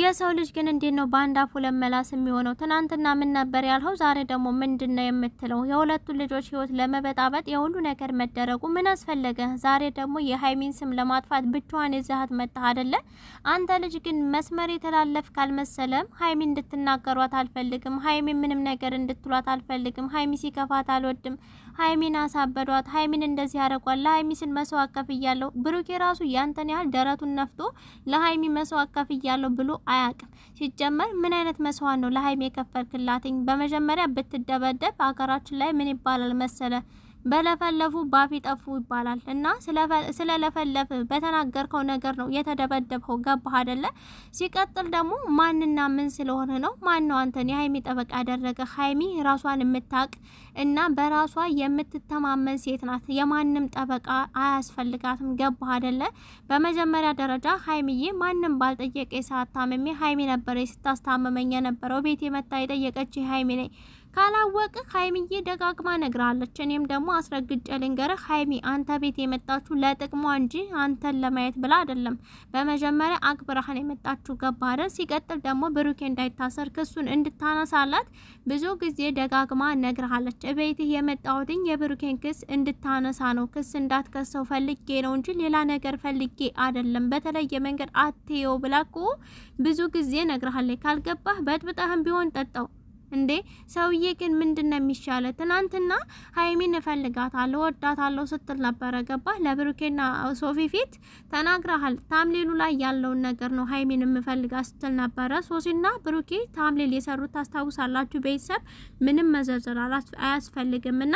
የሰው ልጅ ግን እንዴት ነው በአንድ አፉ ለመላስ የሚሆነው? ትናንትና ምን ነበር ያልኸው? ዛሬ ደግሞ ምንድን ነው የምትለው? የሁለቱን ልጆች ህይወት ለመበጣበጥ የሁሉ ነገር መደረጉ ምን አስፈለገ? ዛሬ ደግሞ የሀይሚን ስም ለማጥፋት ብቻዋን የዛሀት መጣህ አደለ? አንተ ልጅ ግን መስመር የተላለፍ ካልመሰለም ሀይሚ እንድትናገሯት አልፈልግም። ሀይሚ ምንም ነገር እንድትሏት አልፈልግም። ሀይሚ ሲከፋት አልወድም። ሀይሚን አሳበዷት፣ ሀይሚን እንደዚህ ያደረጓል፣ ለሀይሚ ስል መስዋዕት ከፍያለሁ። ብሩኬ ራሱ ያንተን ያህል ደረቱን ነፍቶ ለሀይሚ መስዋዕት ከፍያለሁ ብሎ አያቅም። ሲጀመር ምን አይነት መስዋዕት ነው ለሀይሚ የከፈልክላትኝ? በመጀመሪያ ብትደበደብ ሀገራችን ላይ ምን ይባላል መሰለ በለፈለፉ ባፊ ጠፉ ይባላል እና ስለለፈለፍ በተናገርከው ነገር ነው የተደበደብከው። ገባህ አደለ? ሲቀጥል ደግሞ ማንና ምን ስለሆነ ነው? ማን ነው አንተን የሀይሚ ጠበቃ ያደረገ? ሀይሚ ራሷን የምታቅ እና በራሷ የምትተማመን ሴት ናት። የማንም ጠበቃ አያስፈልጋትም። ገባህ አደለ? በመጀመሪያ ደረጃ ሀይሚዬ ማንም ባልጠየቀ ሳታመሜ ሀይሚ ነበረ ስታስታመመኝ የነበረው ቤት የመታ የጠየቀች ሀይሚ ነኝ ካላወቅህ ሀይሚዬ ደጋግማ ነግራለች። እኔም ደግሞ አስረግጬ ልንገርህ ሀይሚ አንተ ቤት የመጣችሁ ለጥቅሟ እንጂ አንተን ለማየት ብላ አይደለም። በመጀመሪያ አክብራህን የመጣችሁ ገባረ። ሲቀጥል ደግሞ ብሩኬ እንዳይታሰር ክሱን እንድታነሳላት ብዙ ጊዜ ደጋግማ ነግርሃለች። እቤትህ የመጣሁትኝ የብሩኬን ክስ እንድታነሳ ነው። ክስ እንዳትከሰው ፈልጌ ነው እንጂ ሌላ ነገር ፈልጌ አይደለም። በተለየ መንገድ አትየው ብላ እኮ ብዙ ጊዜ ነግርሃለች። ካልገባህ በጥብጠህም ቢሆን ጠጣው እንዴ ሰውዬ ግን ምንድን ነው የሚሻለ? ትናንትና ሀይሚን እፈልጋታለሁ እወዳታለሁ ስትል ነበረ። ገባህ? ለብሩኬና ሶፊ ፊት ተናግረሃል። ታምሌሉ ላይ ያለውን ነገር ነው ሀይሚን የምፈልጋት ስትል ነበረ። ሶሲና ብሩኬ ታምሌል የሰሩት ታስታውሳላችሁ። ቤተሰብ ምንም መዘርዘር አያስፈልግምና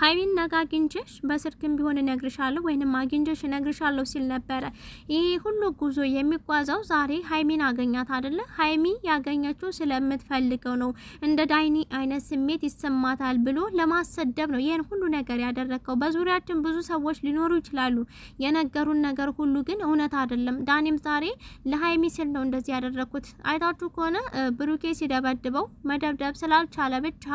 ሀይሚን ነገ አግኝቼሽ በስልክም ቢሆን እነግርሻለሁ ወይንም አግኝቼሽ እነግርሻለሁ ሲል ነበረ። ይሄ ሁሉ ጉዞ የሚጓዘው ዛሬ ሀይሚን አገኛት አይደለ? ሀይሚ ያገኘችው ስለምትፈልገው ነው። እንደ ዳይኒ አይነት ስሜት ይሰማታል ብሎ ለማሰደብ ነው ይህን ሁሉ ነገር ያደረግከው። በዙሪያችን ብዙ ሰዎች ሊኖሩ ይችላሉ። የነገሩን ነገር ሁሉ ግን እውነት አይደለም። ዳኒም ዛሬ ለሀይሚ ስል ነው እንደዚህ ያደረግኩት። አይታችሁ ከሆነ ብሩኬ ሲደበድበው መደብደብ ስላልቻለ ብቻ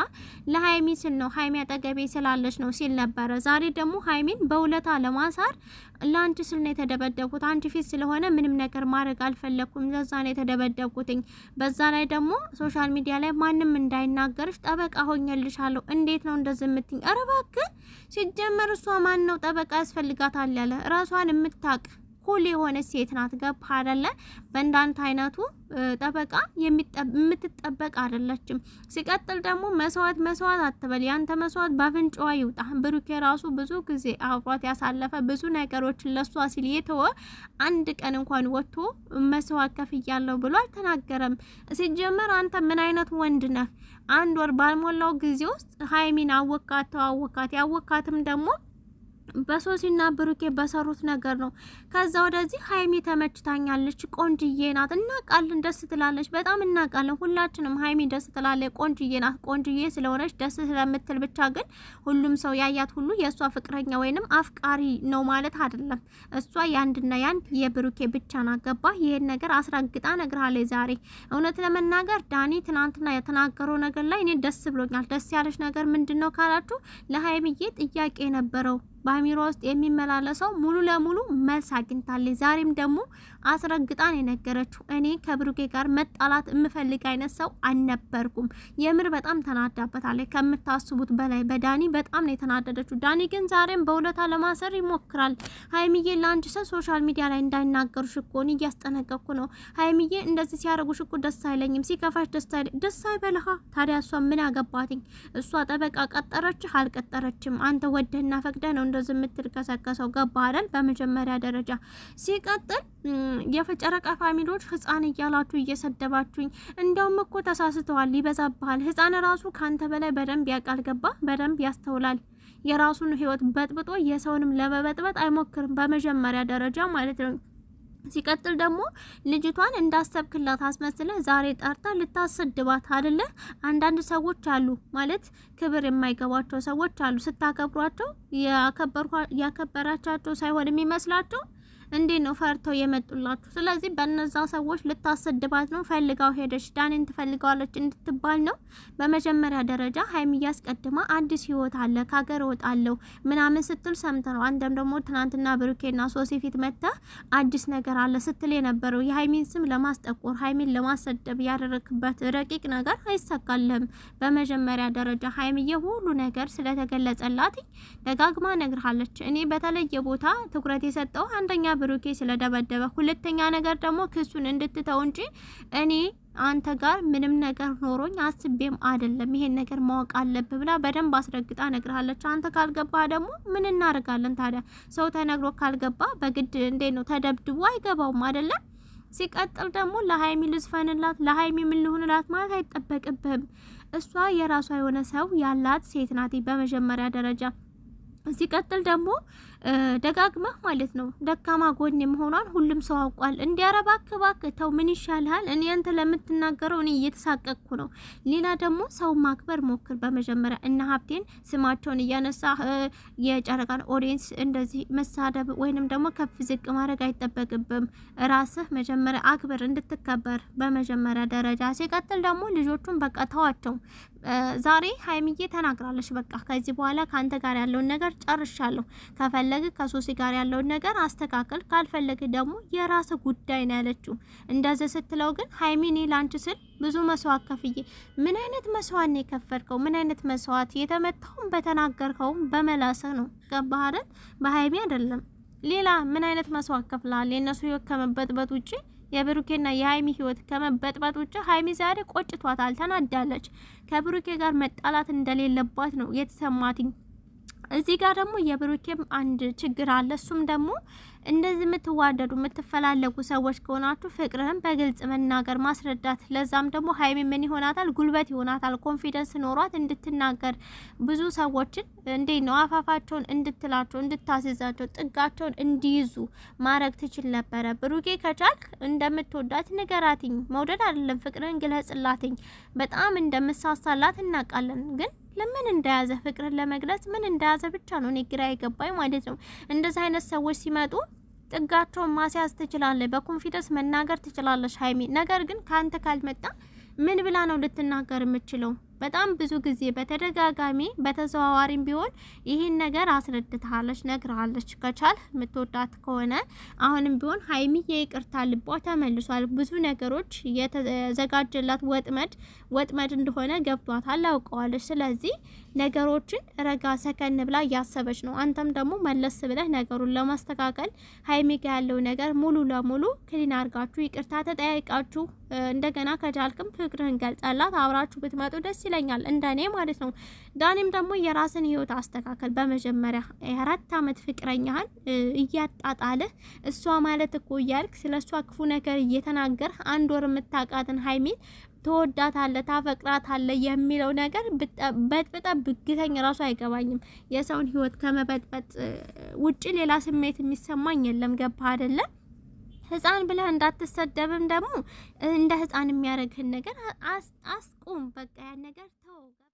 ለሀይሚ ስል ነው ሀይሚ አጠገቤ ስላ ስላለች ነው ሲል ነበረ። ዛሬ ደግሞ ሀይሚን በውለታ ለማሳር ለአንቺ ስል ነው የተደበደብኩት፣ አንቺ ፊት ስለሆነ ምንም ነገር ማድረግ አልፈለግኩም፣ ለዛ ነው የተደበደብኩትኝ። በዛ ላይ ደግሞ ሶሻል ሚዲያ ላይ ማንም እንዳይናገርሽ ጠበቃ ሆኜልሻለሁ። እንዴት ነው እንደዚህ የምትኝ? ኧረ እባክህ! ሲጀመር እሷ ማን ነው ጠበቃ ያስፈልጋታል ያለ ራሷን የምታቅ ሁሌ የሆነ ሴት ናት። ገባ አይደለ? በእንዳንተ አይነቱ ጠበቃ የምትጠበቅ አይደለችም። ሲቀጥል ደግሞ መስዋዕት መስዋዕት አትበል። ያንተ መስዋዕት በአፍንጫዋ ይውጣ። ብሩኬ ራሱ ብዙ ጊዜ አብሯት ያሳለፈ ብዙ ነገሮችን ለሷ ሲል የተወ አንድ ቀን እንኳን ወጥቶ መስዋዕት ከፍያለሁ ብሎ አልተናገረም። ሲጀመር አንተ ምን አይነት ወንድ ነህ? አንድ ወር ባልሞላው ጊዜ ውስጥ ሀይሚን አወካት፣ ተዋወካት ያወካትም ደግሞ በሶሲና ብሩኬ በሰሩት ነገር ነው። ከዛ ወደዚህ ሀይሚ ተመችታኛለች፣ ቆንጅዬ ናት፣ እናቃለን፣ ደስ ትላለች፣ በጣም እናቃለን። ሁላችንም ሀይሚ ደስ ትላለች፣ ቆንጅዬ ናት። ቆንጅዬ ስለሆነች ደስ ስለምትል ብቻ ግን ሁሉም ሰው ያያት ሁሉ የእሷ ፍቅረኛ ወይንም አፍቃሪ ነው ማለት አይደለም። እሷ ያንድና የአንድ የብሩኬ ብቻ ናት። ገባ? ይሄን ነገር አስረግጣ ነግርሃለች ዛሬ። እውነት ለመናገር ዳኒ ትናንትና የተናገረው ነገር ላይ እኔ ደስ ብሎኛል። ደስ ያለች ነገር ምንድን ነው ካላችሁ ለሀይሚዬ ጥያቄ ነበረው በአሚሮ ውስጥ የሚመላለሰው ሙሉ ለሙሉ መልስ አግኝታለች። ዛሬም ደግሞ አስረግጣን የነገረችው እኔ ከብሩኬ ጋር መጣላት የምፈልግ አይነት ሰው አልነበርኩም። የምር በጣም ተናዳበታለች ከምታስቡት በላይ በዳኒ በጣም ነው የተናደደችው። ዳኒ ግን ዛሬም በሁለታ ለማሰር ይሞክራል። ሀይሚዬ ለአንድ ሰው ሶሻል ሚዲያ ላይ እንዳይናገሩ ሽኮን እኔ እያስጠነቀቅኩ ነው። ሀይሚዬ እንደዚህ ሲያደርጉሽ ሽኮ ደስ አይለኝም፣ ሲከፋሽ ደስ አይበልሃ። ታዲያ እሷ ምን ያገባትኝ? እሷ ጠበቃ ቀጠረችህ አልቀጠረችም አንተ ወደህና ፈቅደ ነው እንደዚህ የምትልከሰከሰው ገባለን። በመጀመሪያ ደረጃ ሲቀጥል የፈጨረቃ ፋሚሊዎች ህፃን እያላችሁ እየሰደባችሁኝ፣ እንደውም እኮ ተሳስተዋል፣ ይበዛብሃል። ህፃን ራሱ ከአንተ በላይ በደንብ ያውቃል። ገባ? በደንብ ያስተውላል። የራሱን ህይወት በጥብጦ የሰውንም ለመበጥበጥ አይሞክርም። በመጀመሪያ ደረጃ ማለት ነው። ሲቀጥል ደግሞ ልጅቷን እንዳሰብክላት አስመስለ ዛሬ ጠርታ ልታሰድባት አደለ። አንዳንድ ሰዎች አሉ ማለት ክብር የማይገባቸው ሰዎች አሉ። ስታከብሯቸው ያከበራቻቸው ሳይሆን የሚመስላቸው እንዴት ነው ፈርተው የመጡላችሁ? ስለዚህ በእነዛ ሰዎች ልታሰድባት ነው ፈልጋው ሄደች፣ ዳኔን ትፈልገዋለች እንድትባል ነው። በመጀመሪያ ደረጃ ሀይሚ እያስቀድማ አዲስ ህይወት አለ ከሀገር እወጣለሁ ምናምን ስትል ሰምተነው፣ አንተም ደግሞ ትናንትና ብሩኬና ሶሲ ፊት መጥተህ አዲስ ነገር አለ ስትል የነበረው የሀይሚን ስም ለማስጠቆር ሀይሚን ለማሰደብ ያደረክበት ረቂቅ ነገር አይሳካልህም። በመጀመሪያ ደረጃ ሀይሚዬ ሁሉ ነገር ስለተገለጸላት ደጋግማ ነግርሃለች። እኔ በተለየ ቦታ ትኩረት የሰጠው አንደኛ ብሩኬ ስለደበደበ፣ ሁለተኛ ነገር ደግሞ ክሱን እንድትተው እንጂ እኔ አንተ ጋር ምንም ነገር ኖሮኝ አስቤም አይደለም ይሄን ነገር ማወቅ አለብ ብላ በደንብ አስረግጣ ነግርሃለች። አንተ ካልገባ ደግሞ ምን እናደርጋለን ታዲያ? ሰው ተነግሮ ካልገባ በግድ እንዴ ነው ተደብድቦ አይገባውም አይደለም። ሲቀጥል ደግሞ ለሀይሚ ልዝፈንላት፣ ለሀይሚ ምን ልሁንላት ማለት አይጠበቅብህም። እሷ የራሷ የሆነ ሰው ያላት ሴት ናት በመጀመሪያ ደረጃ ሲቀጥል ደግሞ ደጋግመህ ማለት ነው ደካማ ጎን መሆኗን ሁሉም ሰው አውቋል። እንዲያረ ባክ ተው፣ ምን ይሻልሃል? እኔ አንተ ለምትናገረው እኔ እየተሳቀቅኩ ነው። ሌላ ደግሞ ሰው ማክበር ሞክር በመጀመሪያ እና ሀብቴን ስማቸውን እያነሳ የጨረቃን ኦዲየንስ እንደዚህ መሳደብ ወይንም ደግሞ ከፍ ዝቅ ማድረግ አይጠበቅብም። ራስህ መጀመሪያ አክብር እንድትከበር በመጀመሪያ ደረጃ። ሲቀጥል ደግሞ ልጆቹን በቃ ተዋቸው። ዛሬ ሀይምዬ ተናግራለች። በቃ ከዚህ በኋላ ከአንተ ጋር ያለውን ነገር ጨርሻለሁ ከፈለ ከፈለግህ ከሶሲ ጋር ያለውን ነገር አስተካከል፣ ካልፈለግህ ደግሞ የራስ ጉዳይ ነው ያለችው። እንደዚህ ስትለው ግን ሀይሚ እኔ ላንቺ ስል ብዙ መስዋዕት ከፍዬ ምን አይነት መስዋዕት ነው የከፈልከው? ምን አይነት መስዋዕት የተመታውን በተናገርከውም በመላሰ ነው ገባህ? በሀይሚ አይደለም ሌላ ምን አይነት መስዋዕት ከፍለሃል? የእነሱ ህይወት ከመበጥበጥ ውጭ የብሩኬና የሀይሚ ህይወት ከመበጥበጥ ውጭ ሀይሚ ዛሬ ቆጭቷታል፣ ተናዳለች። ከብሩኬ ጋር መጣላት እንደሌለባት ነው የተሰማትኝ። እዚህ ጋር ደግሞ የብሩኬም አንድ ችግር አለ። እሱም ደግሞ እንደዚህ የምትዋደዱ የምትፈላለጉ ሰዎች ከሆናችሁ ፍቅርህን በግልጽ መናገር ማስረዳት። ለዛም ደግሞ ሀይሚ ምን ይሆናታል? ጉልበት ይሆናታል። ኮንፊደንስ ኖሯት እንድትናገር ብዙ ሰዎችን እንዴት ነው አፋፋቸውን እንድትላቸው እንድታስይዛቸው ጥጋቸውን እንዲይዙ ማድረግ ትችል ነበረ። ብሩኬ ከቻልክ እንደምትወዳት ንገራትኝ። መውደድ አይደለም ፍቅርህን ግለጽላትኝ። በጣም እንደምሳሳላት እናውቃለን ግን ለምን እንደያዘ ፍቅርን ለመግለጽ ምን እንደያዘ ብቻ ነው እኔ ግራ የገባኝ ማለት ነው። እንደዚህ አይነት ሰዎች ሲመጡ ጥጋቸውን ማስያዝ ትችላለች በኮንፊደንስ መናገር ትችላለሽ ሀይሚ። ነገር ግን ከአንተ ካልመጣ ምን ብላ ነው ልትናገር የምችለው? በጣም ብዙ ጊዜ በተደጋጋሚ በተዘዋዋሪም ቢሆን ይህን ነገር አስረድታለች፣ ነግራለች። ከቻል የምትወዳት ከሆነ አሁንም ቢሆን ሀይሚዬ ይቅርታ ልቧ ተመልሷል። ብዙ ነገሮች የተዘጋጀላት ወጥመድ ወጥመድ እንደሆነ ገብቷታል፣ አውቀዋለች። ስለዚህ ነገሮችን ረጋ ሰከን ብላ እያሰበች ነው። አንተም ደግሞ መለስ ብለህ ነገሩን ለማስተካከል ሀይሚ ጋ ያለው ነገር ሙሉ ለሙሉ ክሊን አርጋችሁ ይቅርታ ተጠያይቃችሁ እንደገና ከቻልክም ፍቅርህን ገልጸላት አብራችሁ ብትመጡ ደስ ይለኛል፣ እንደኔ ማለት ነው። ዳኔም ደግሞ የራስን ህይወት አስተካከል። በመጀመሪያ የአራት አመት ፍቅረኛህን እያጣጣልህ እሷ ማለት እኮ እያልክ ስለ እሷ ክፉ ነገር እየተናገርህ አንድ ወር የምታውቃትን ሀይሚን ትወዳታለህ፣ ታፈቅራታለህ የሚለው ነገር በጥብጠ ብግተኝ ራሱ አይገባኝም። የሰውን ህይወት ከመበጥበጥ ውጭ ሌላ ስሜት የሚሰማኝ የለም። ገባ አይደለም ህፃን ብለህ እንዳትሰደብም ደግሞ እንደ ህፃን የሚያደርግህን ነገር አስቁም። በቃ ያን ነገር ተው።